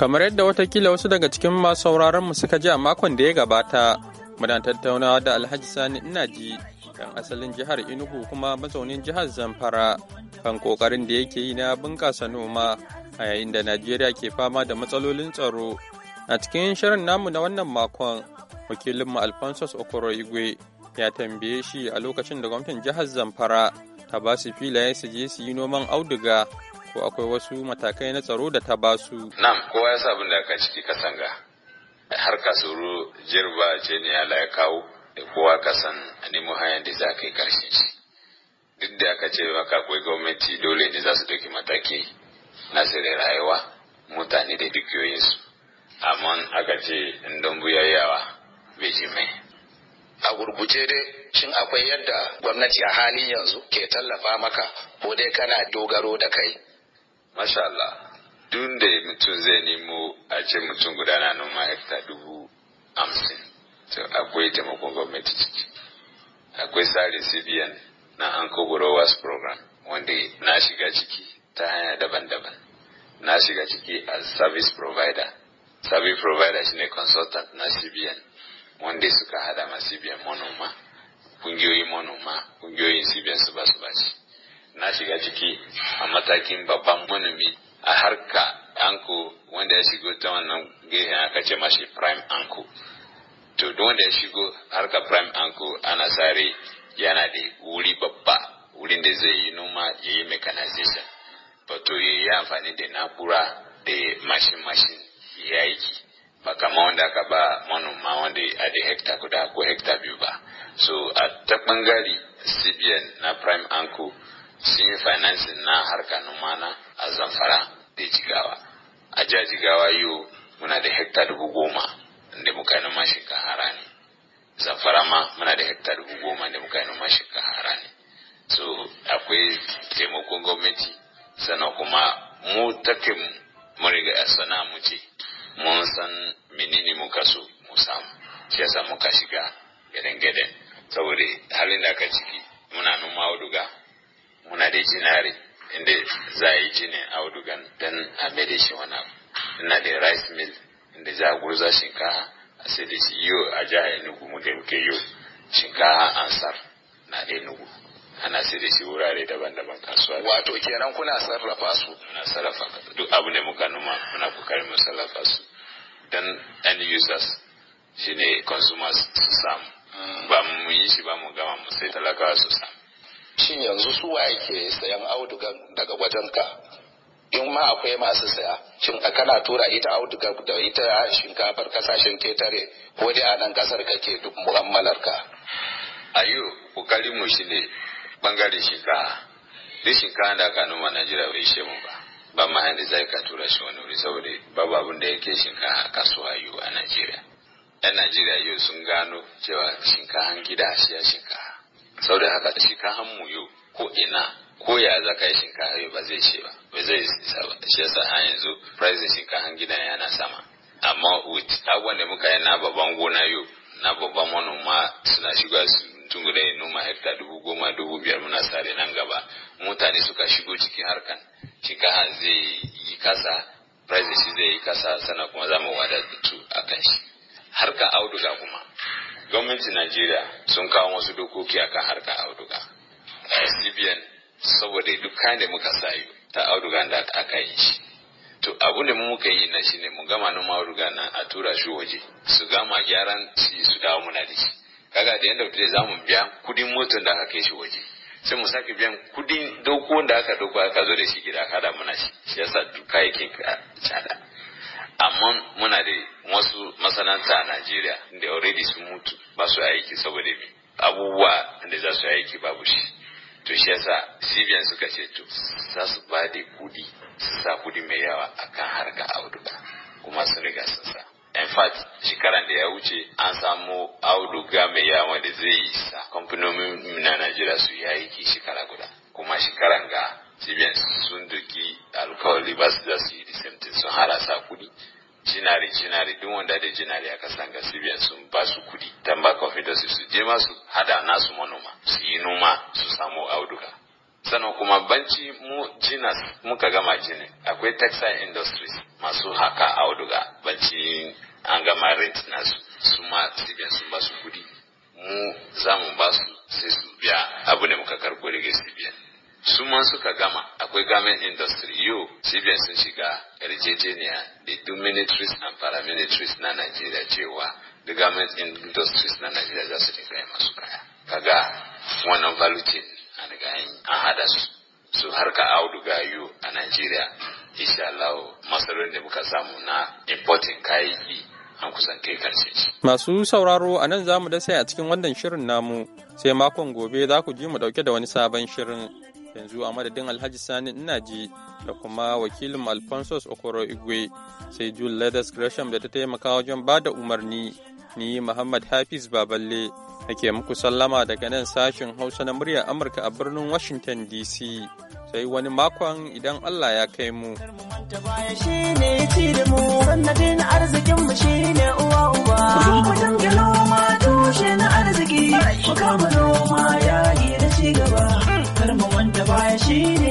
Kamar yadda watakila wasu daga cikin masu sauraron mu suka ji a makon da ya gabata, muna tattaunawa da Alhaji Sani Inaji, dan asalin jihar Enugu kuma mazaunin jihar Zamfara, kan kokarin da yake yi na bunƙasa noma a yayin da Najeriya ke fama da matsalolin tsaro. A cikin shirin namu na wannan makon, wakilinmu Alphonsus Okoro Igwe ya tambaye shi a lokacin da gwamnatin jihar Zamfara ta ba su filaye su je su yi noman auduga ko akwai wasu matakai na tsaro da ta ba su. Nam, kowa ya sa abin da aka ciki ka sanga, Har ka tsoro, jirba ce ne Allah ya kawo, kowa ka san nemo hanyar da za ka yi karshe shi. Duk da aka ce maka akwai gwamnati dole ne za su ɗauki mataki na sirri rayuwa mutane da dukiyoyinsu. Amma aka ce in don buyayyawa bai ji mai. A gurguje dai shin akwai yadda gwamnati a halin yanzu ke tallafa maka ko dai kana dogaro da kai masha Allah dun da mutum zai nemo a ce mutum guda na noma hekta dubu hamsin to akwai taimakon gwamnati ciki akwai tsarin cbn na anko borrowers program wanda na shiga ciki ta hanya daban-daban na shiga ciki a service provider service provider shine consultant na cbn wanda suka hada ma cbn manoma kungiyoyin manoma kungiyoyin cbn su ba su ba ci na shiga ciki a matakin babban manomi a harka anko wanda ya shigo ta wannan gehen aka ce mashi prime anko to duk wanda ya shigo harka prime anko ana sare yana da wuri babba wurin da zai yi noma ya yi mechanization bato ya yi amfani da na'ura da mashin mashin ya yi ba kama wanda aka ba manoma wanda a da hekta guda ko hekta biyu ba so a ta bangare cbn na prime anko sun yi financing na harka numana a zamfara da jigawa a ja jigawa yi muna da hekta dubu goma da muka yi hara ne zamfara ma muna da hekta dubu goma da muka yi hara ne so akwai taimakon gwamnati sannan kuma mu tafin mu riga sana mu ce mun san menene muka so mu samu shi yasa muka shiga gadan gadan saboda halin da aka ciki muna noma auduga muna da jinare inda za a yi jinin audugan don a mai da shi wani abu ina da rice mill inda za a gurza shinkafa a sai da shi yau a jihar enugu muke muke yau shinkafa ansar na da enugu ana sai da shi wurare daban-daban kasuwa wato kenan kuna sarrafa su muna sarrafa duk abu ne muka numa muna kokarin mu sarrafa su don end users shine consumers su samu mm. ba mu yi shi ba mu gama mu sai talakawa su samu shin yanzu su waye ke sayan audugan daga ka? in ma akwai masu saya shin kana tura ita auduga da ita shinkafar kasashen ketare ko dai a nan kasar ke duk mu'amalar ka ayo kokarin mu shine bangare shinkafa duk shinkafa da kanu ma Najeriya bai ishe mu ba ba ma yanda zai ka tura shi wani wuri saboda babu abin da yake shinkafa kasuwa yiwu a Najeriya yan Najeriya yau sun gano cewa shinkahan gida a ya shinkafa sau da haka ka mu yau ko ina ko ya za ka yi shinkafa yau ba zai ce ba ba zai isa ba shi yasa a yanzu price shinkahan gidan yana sama amma abubuwan da muka yi na babban gona yau na babban manoma suna shiga su tun da ya noma hekta dubu goma dubu biyar muna sare nan gaba mutane suka shigo cikin harkan shinkafa zai yi kasa price shi zai yi kasa sana kuma za mu wadatu a kan shi harka auduga kuma gwamnatin najeriya sun kawo wasu dokoki a kan harkar auduga libyan saboda dukkan da muka sayo ta auduga da aka yi shi to abu da muka yi na shi ne mu gama noma auduga na a tura shi waje su gama gyaran shi su dawo muna da shi kaga da yanda da za mu biya kudin motar da aka kai shi waje sai mu sake biyan kudin dauko da aka doko aka zo da shi gida aka da muna shi shi yasa duk kayayyakin tsada amma muna da wasu masana'anta a Najeriya da already sun mutu ba su aiki saboda mi abubuwa da za su aiki babu shi to shi yasa cibiyan suka ce to za su ba da kudi su sa kudi mai yawa akan harka auduga kuma su riga sun sa in fact shekaran da ya wuce an samu auduga mai yawa da zai yi sa kamfanonin na Najeriya su yi aiki shekara guda kuma shekaran ga cibiyan sun duki alkawali ba su da su yi da sun hara sa kudi jinari jinari duk wanda da jinari a kasan ga sibiyan su ba su kudi dan ba da su je masu hada nasu manoma su yi noma su samu auduga sannan kuma banci mu jinas muka gama jini akwai textile industries masu haka auduga banci an gama rent nasu su ma sibiyan su ba su kudi mu za mu ba su sai su biya abu ne muka karɓo daga sibiyan su ma suka gama akwai garment industry yau cbn sun shiga yarjejeniya da duk ministries and paramilitaries na nigeria cewa da garment industries na nigeria za su dinga masu kaya kaga wannan valutin a daga yin an hada su su harka auduga yau a najeriya insha Allah masarorin da muka samu na importing kayayyaki an kusan kai karshe Masu sauraro a nan za mu da a cikin wannan shirin namu sai makon gobe za ku ji mu dauke da wani sabon shirin. yanzu a madadin alhaji sani ina inaji da kuma wakilin alphonsus okoro igwe sai jul leathers gresham da ta taimaka wajen ba da umarni ni muhammad hafiz baballe nake muku sallama daga nan sashen hausa na muryar amurka a birnin washington dc sai wani makon idan allah ya kai mu uwa uba mu arziki shi ne